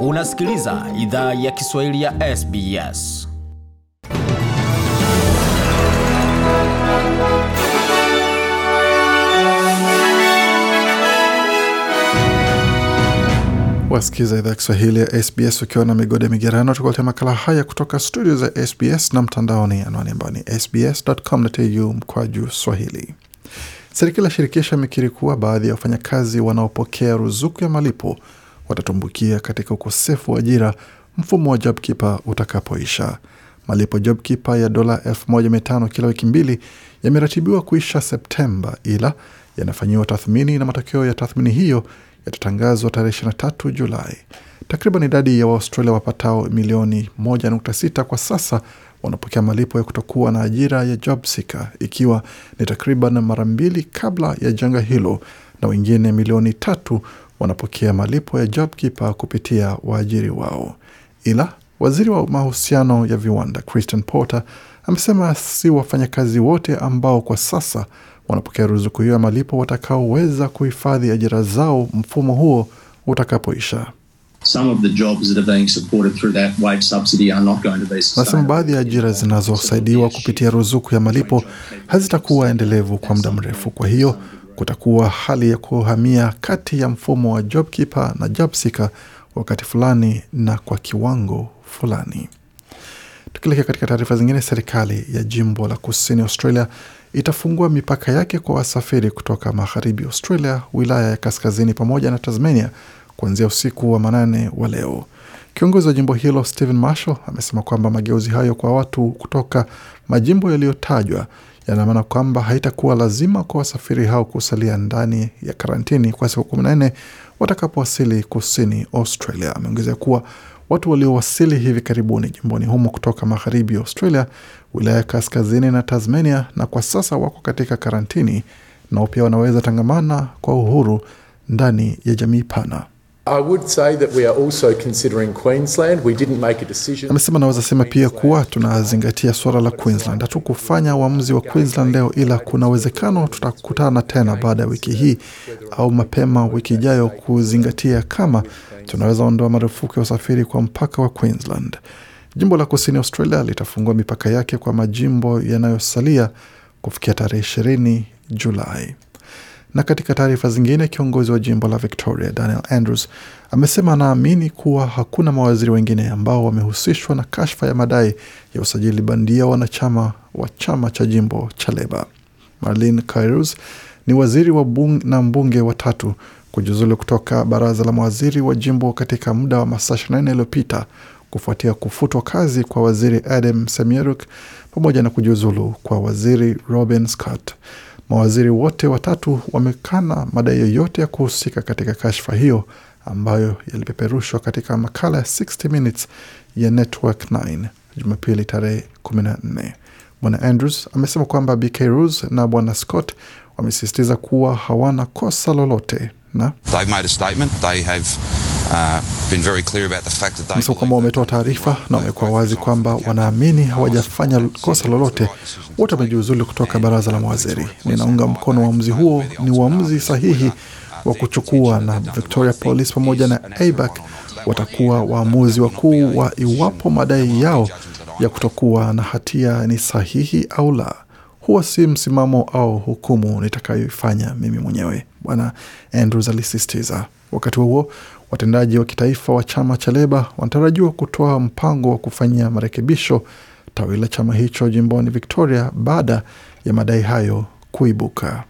Unasikiliza idhaa ya Kiswahili ya SBS. Wasikiza idhaa ya Kiswahili ya SBS ukiwa na migodi ya migerano, tukuletea makala haya kutoka studio za SBS na mtandaoni, anwani ambayo ni sbs.com.au juu swahili. Serikali ya shirikisho imekiri kuwa baadhi ya wafanyakazi wanaopokea ruzuku ya malipo watatumbukia katika ukosefu wa ajira mfumo wa JobKeeper utakapoisha. Malipo JobKeeper ya dola 1500 kila wiki mbili yameratibiwa kuisha Septemba, ila yanafanyiwa tathmini na matokeo ya tathmini hiyo yatatangazwa tarehe 23 Julai. Takriban idadi ya Waaustralia wapatao milioni 1.6 kwa sasa wanapokea malipo ya kutokuwa na ajira ya JobSeeker, ikiwa ni takriban mara mbili kabla ya janga hilo, na wengine milioni tatu wanapokea malipo ya JobKeeper kupitia waajiri wao. Ila waziri wa mahusiano ya viwanda Christian Porter amesema si wafanyakazi wote ambao kwa sasa wanapokea ruzuku hiyo ya malipo watakaoweza kuhifadhi ajira zao mfumo huo utakapoisha. Nasema baadhi ya ajira zinazosaidiwa kupitia ruzuku ya malipo hazitakuwa endelevu kwa muda mrefu, kwa hiyo kutakuwa hali ya kuhamia kati ya mfumo wa JobKeeper na JobSeeker wakati fulani na kwa kiwango fulani. Tukielekea katika taarifa zingine, serikali ya jimbo la kusini Australia itafungua mipaka yake kwa wasafiri kutoka magharibi Australia, wilaya ya kaskazini pamoja na Tasmania kuanzia usiku wa manane wa leo. Kiongozi wa jimbo hilo Stephen Marshall amesema kwamba mageuzi hayo kwa watu kutoka majimbo yaliyotajwa yana maana kwamba haitakuwa lazima kwa wasafiri hao kusalia ndani ya karantini kwa siku kumi na nne watakapowasili kusini Australia. Ameongezea kuwa watu waliowasili hivi karibuni jimboni humo kutoka magharibi ya Australia, wilaya ya kaskazini na Tasmania, na kwa sasa wako katika karantini, nao pia wanaweza tangamana kwa uhuru ndani ya jamii pana. Amesema naweza sema pia kuwa tunazingatia suala la Queensland. Hatukufanya uamuzi wa Queensland leo, ila kuna uwezekano tutakutana tena baada ya wiki hii au mapema wiki ijayo kuzingatia kama tunaweza ondoa marufuku ya usafiri kwa mpaka wa Queensland. Jimbo la kusini Australia litafungua mipaka yake kwa majimbo yanayosalia kufikia tarehe 20 Julai. Na katika taarifa zingine, kiongozi wa jimbo la Victoria Daniel Andrews amesema anaamini kuwa hakuna mawaziri wengine ambao wamehusishwa na kashfa ya madai ya usajili bandia wanachama wa chama cha jimbo cha Leba. Marlin Kairos ni waziri wa bung na mbunge watatu kujiuzulu kutoka baraza la mawaziri wa jimbo katika muda wa masaa 24 yaliyopita kufuatia kufutwa kazi kwa waziri Adam Semyeruk pamoja na kujiuzulu kwa waziri Robin Scott. Mawaziri wote watatu wamekana madai yoyote ya kuhusika katika kashfa hiyo ambayo yalipeperushwa katika makala ya 60 Minutes ya Network 9 Jumapili tarehe 14. Bwana Andrews amesema kwamba BK Rus na Bwana Scott wamesisitiza kuwa hawana kosa lolote na Uh, Msukamo wametoa taarifa na wamekuwa wazi kwamba wanaamini hawajafanya kosa lolote. Wote wamejiuzulu kutoka baraza la mawaziri. Ninaunga mkono uamuzi huo, ni uamuzi sahihi wa kuchukua, na Victoria Police pamoja na AIBAC watakuwa waamuzi wakuu wa iwapo madai yao ya kutokuwa na hatia ni sahihi au la huwa si msimamo au hukumu nitakayoifanya mimi mwenyewe, Bwana Andrews alisisitiza. Wakati huo watendaji wa kitaifa wa chama cha Leba wanatarajiwa kutoa mpango wa kufanyia marekebisho tawi la chama hicho jimboni Victoria baada ya madai hayo kuibuka.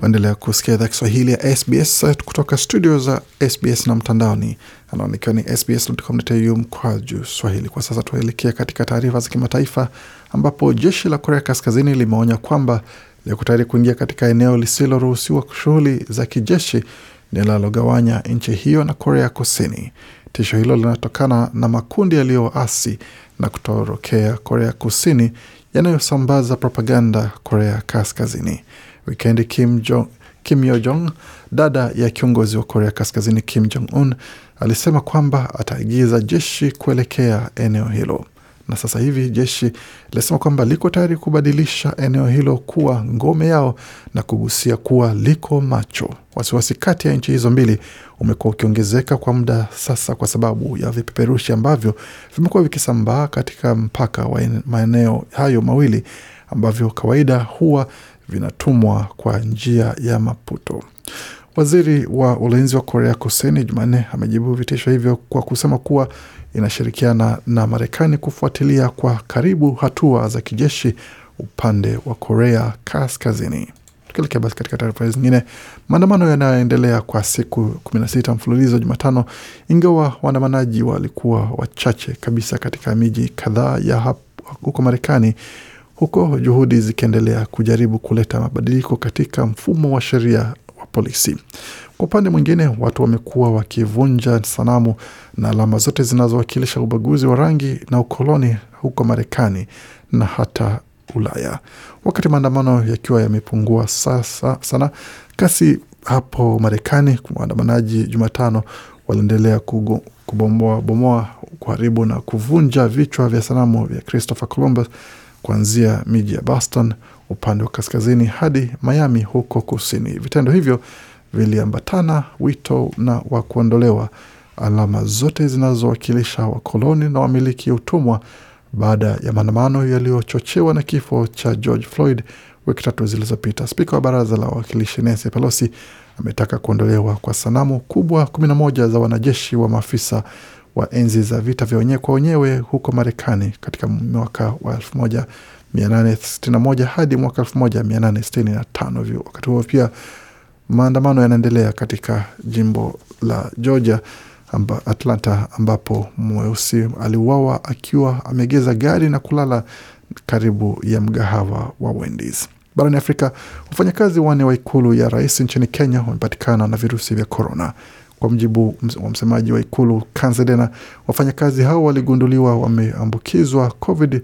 Waendelea kusikia idhaa Kiswahili ya SBS eh, kutoka studio za SBS na mtandaoni anaonikiwa ni sbs.com.au juu swahili. Kwa sasa tuelekea katika taarifa za kimataifa ambapo jeshi la Korea Kaskazini limeonya kwamba liko tayari kuingia katika eneo lisiloruhusiwa shughuli za kijeshi linalogawanya nchi hiyo na Korea Kusini. Tisho hilo linatokana na makundi yaliyoasi na kutorokea Korea Kusini yanayosambaza propaganda Korea Kaskazini wikendi. Kim Jong, Kim Yo Jong, dada ya kiongozi wa Korea Kaskazini Kim Jong Un, alisema kwamba ataagiza jeshi kuelekea eneo hilo, na sasa hivi jeshi linasema kwamba liko tayari kubadilisha eneo hilo kuwa ngome yao na kugusia kuwa liko macho. Wasiwasi kati ya nchi hizo mbili umekuwa ukiongezeka kwa muda sasa kwa sababu ya vipeperushi ambavyo vimekuwa vikisambaa katika mpaka wa maeneo hayo mawili ambavyo kawaida huwa vinatumwa kwa njia ya Maputo. Waziri wa ulinzi wa Korea Kusini Jumanne amejibu vitisho hivyo kwa kusema kuwa inashirikiana na Marekani kufuatilia kwa karibu hatua za kijeshi upande wa Korea Kaskazini. Tukielekea basi katika taarifa zingine, maandamano yanayoendelea kwa siku 16 mfululizo Jumatano, ingawa waandamanaji walikuwa wachache kabisa katika miji kadhaa ya huko Marekani huko juhudi zikiendelea kujaribu kuleta mabadiliko katika mfumo wa sheria wa polisi. Kwa upande mwingine, watu wamekuwa wakivunja sanamu na alama zote zinazowakilisha ubaguzi wa rangi na ukoloni huko Marekani na hata Ulaya. Wakati maandamano yakiwa yamepungua sasa sana kasi hapo Marekani, waandamanaji Jumatano waliendelea kubomoa bomoa, kuharibu na kuvunja vichwa vya sanamu vya Christopher Columbus kuanzia miji ya Boston upande wa kaskazini hadi Miami huko kusini. Vitendo hivyo viliambatana wito na wa kuondolewa alama zote zinazowakilisha wakoloni na wamiliki ya utumwa baada ya maandamano yaliyochochewa na kifo cha George Floyd wiki tatu zilizopita. Spika wa baraza la wawakilishi Nancy Pelosi ametaka kuondolewa kwa sanamu kubwa 11 za wanajeshi wa maafisa wa enzi za vita vya wenyewe kwa wenyewe huko Marekani katika mwaka wa 1861 hadi mwaka 1865. Wakati huo pia maandamano yanaendelea katika jimbo la Georgia amba Atlanta, ambapo mweusi aliuawa akiwa amegeza gari na kulala karibu ya mgahawa wa Wendy's. Barani Afrika, wafanyakazi wanne wa ikulu ya rais nchini Kenya wamepatikana na virusi vya korona. Kwa mjibu wa msemaji wa ikulu Kanzedena, wafanyakazi hao waligunduliwa wameambukizwa COVID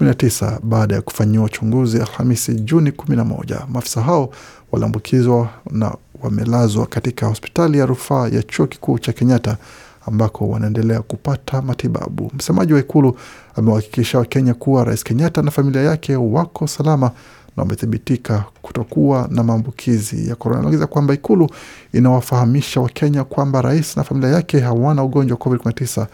19 baada ya kufanyiwa uchunguzi Alhamisi Juni 11. Maafisa hao waliambukizwa na wamelazwa katika hospitali ya rufaa ya chuo kikuu cha Kenyatta ambako wanaendelea kupata matibabu. Msemaji wa ikulu amewahakikisha Wakenya kuwa Rais Kenyatta na familia yake wako salama na wamethibitika kutokuwa na maambukizi ya korona. Anaongeza kwamba Ikulu inawafahamisha Wakenya kwamba rais na familia yake hawana ugonjwa wa COVID-19.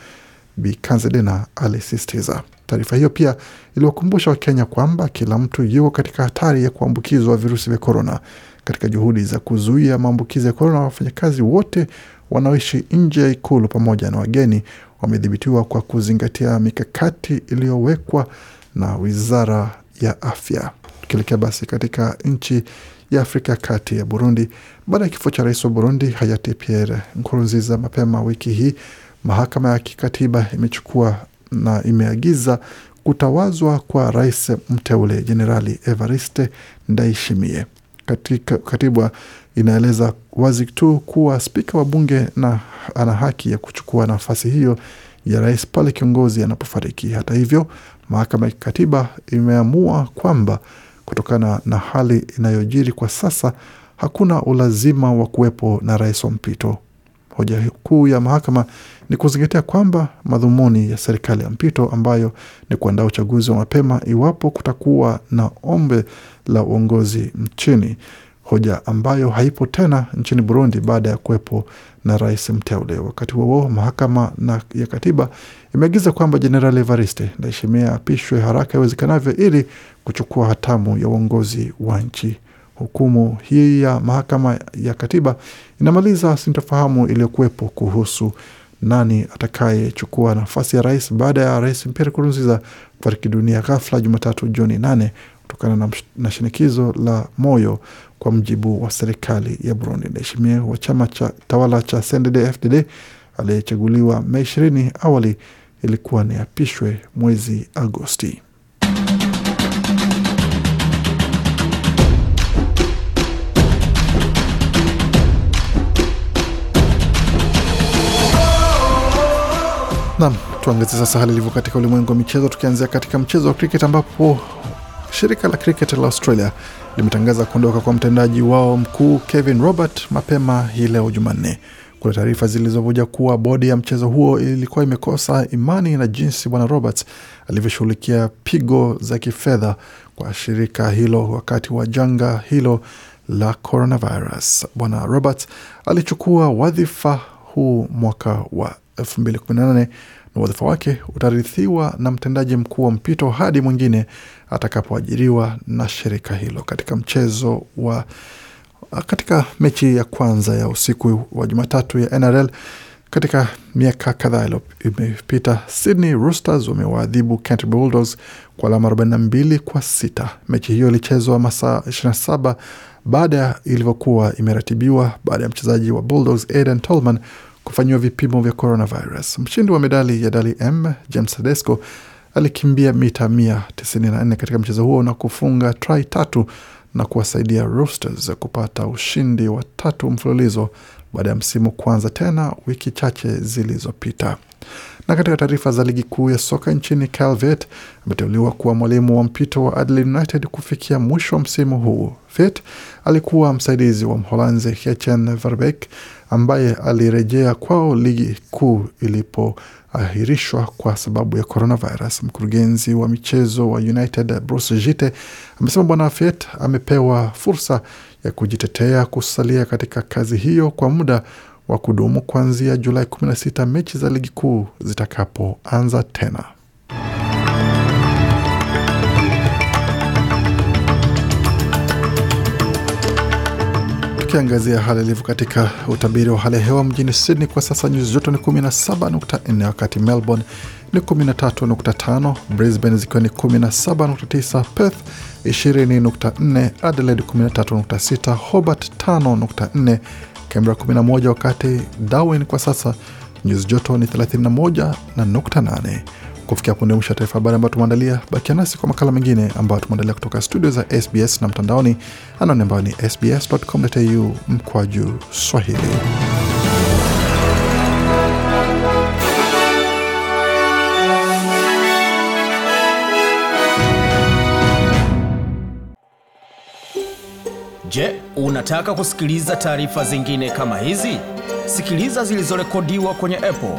Bi alisistiza alisisitiza. Taarifa hiyo pia iliwakumbusha Wakenya kwamba kila mtu yuko katika hatari ya kuambukizwa virusi vya korona. Katika juhudi za kuzuia maambukizi ya korona, wafanyakazi wote wanaoishi nje ya ikulu pamoja na wageni wamedhibitiwa kwa kuzingatia mikakati iliyowekwa na wizara ya afya akielekea basi katika nchi ya Afrika kati ya Burundi baada ya kifo cha rais wa Burundi hayati Pierre Nkurunziza. Mapema wiki hii mahakama ya kikatiba imechukua na imeagiza kutawazwa kwa rais mteule Jenerali Evariste Ndayishimiye. katiba inaeleza wazi tu kuwa spika wa bunge na ana haki ya kuchukua nafasi hiyo ya rais pale kiongozi anapofariki. Hata hivyo, mahakama ya kikatiba imeamua kwamba Kutokana na hali inayojiri kwa sasa, hakuna ulazima wa kuwepo na rais wa mpito. Hoja kuu ya mahakama ni kuzingatia kwamba madhumuni ya serikali ya mpito ambayo ni kuandaa uchaguzi wa mapema iwapo kutakuwa na ombe la uongozi nchini hoja ambayo haipo tena nchini Burundi baada ya kuwepo na rais mteule. Wakati huo mahakama na ya katiba imeagiza kwamba Jenerali Evariste Ndayishimiye apishwe haraka iwezekanavyo ili kuchukua hatamu ya uongozi wa nchi. Hukumu hii ya mahakama ya katiba inamaliza sintofahamu iliyokuwepo kuhusu nani atakayechukua nafasi ya rais baada ya rais Pierre Nkurunziza kufariki dunia ghafla Jumatatu Juni nane kutokana na shinikizo la moyo kwa mjibu wa serikali ya Burundi. Naheshimia wa chama cha tawala cha CNDD-FDD aliyechaguliwa Mei ishirini, awali ilikuwa ni apishwe mwezi Agosti. Nam, tuangazie sasa hali ilivyo katika ulimwengu wa michezo, tukianzia katika mchezo wa kriket ambapo Shirika la kriket la Australia limetangaza kuondoka kwa mtendaji wao mkuu Kevin Robert mapema hii leo Jumanne. Kuna taarifa zilizovuja kuwa bodi ya mchezo huo ilikuwa imekosa imani na jinsi bwana Roberts alivyoshughulikia pigo za kifedha kwa shirika hilo wakati wa janga hilo la coronavirus. Bwana Roberts alichukua wadhifa huu mwaka wa 2018 na wadhifa wake utarithiwa na mtendaji mkuu wa mpito hadi mwingine atakapoajiriwa na shirika hilo. Katika mchezo wa katika mechi ya kwanza ya usiku wa Jumatatu ya NRL katika miaka kadhaa imepita Sydney Roosters wamewaadhibu Bulldogs kwa alama 42 kwa sita. Mechi hiyo ilichezwa masaa 27 baada ya ilivyokuwa imeratibiwa baada ya mchezaji wa Bulldogs aden Tolman kufanyiwa vipimo vya coronavirus. Mshindi wa medali ya Dali M James Tedesco alikimbia mita 194 katika mchezo huo na kufunga try tatu na kuwasaidia Roosters kupata ushindi wa tatu mfululizo baada ya msimu kuanza tena wiki chache zilizopita. Na katika taarifa za ligi kuu ya soka nchini, Calvet ameteuliwa kuwa mwalimu wa mpito wa Adelaide United kufikia mwisho wa msimu huu. Vet alikuwa msaidizi wa Mholanzi Etienne Verbeek ambaye alirejea kwao ligi kuu ilipoahirishwa kwa sababu ya coronavirus. Mkurugenzi wa michezo wa United Bruce Jite amesema Bwana Fiet amepewa fursa ya kujitetea kusalia katika kazi hiyo kwa muda wa kudumu kuanzia Julai 16 mechi za ligi kuu zitakapoanza tena. Tukiangazia hali ilivyo katika utabiri wa hali ya hewa mjini Sydney kwa sasa nyuzi joto ni 17.4, wakati Melbourne ni 13.5, Brisbane zikiwa ni 17.9, Perth 20.4, Adelaide 13.6, Hobart 5.4, Canberra 11, wakati Darwin kwa sasa nyuzi joto ni 31 na .8 kufikia punde mwisho ya taarifa habari ambayo tumeandalia. Bakia nasi kwa makala mengine ambayo tumeandalia kutoka studio za SBS na mtandaoni, anwani ambayo ni sbs.com.au mkwaju swahili. Je, unataka kusikiliza taarifa zingine kama hizi? Sikiliza zilizorekodiwa kwenye Apple,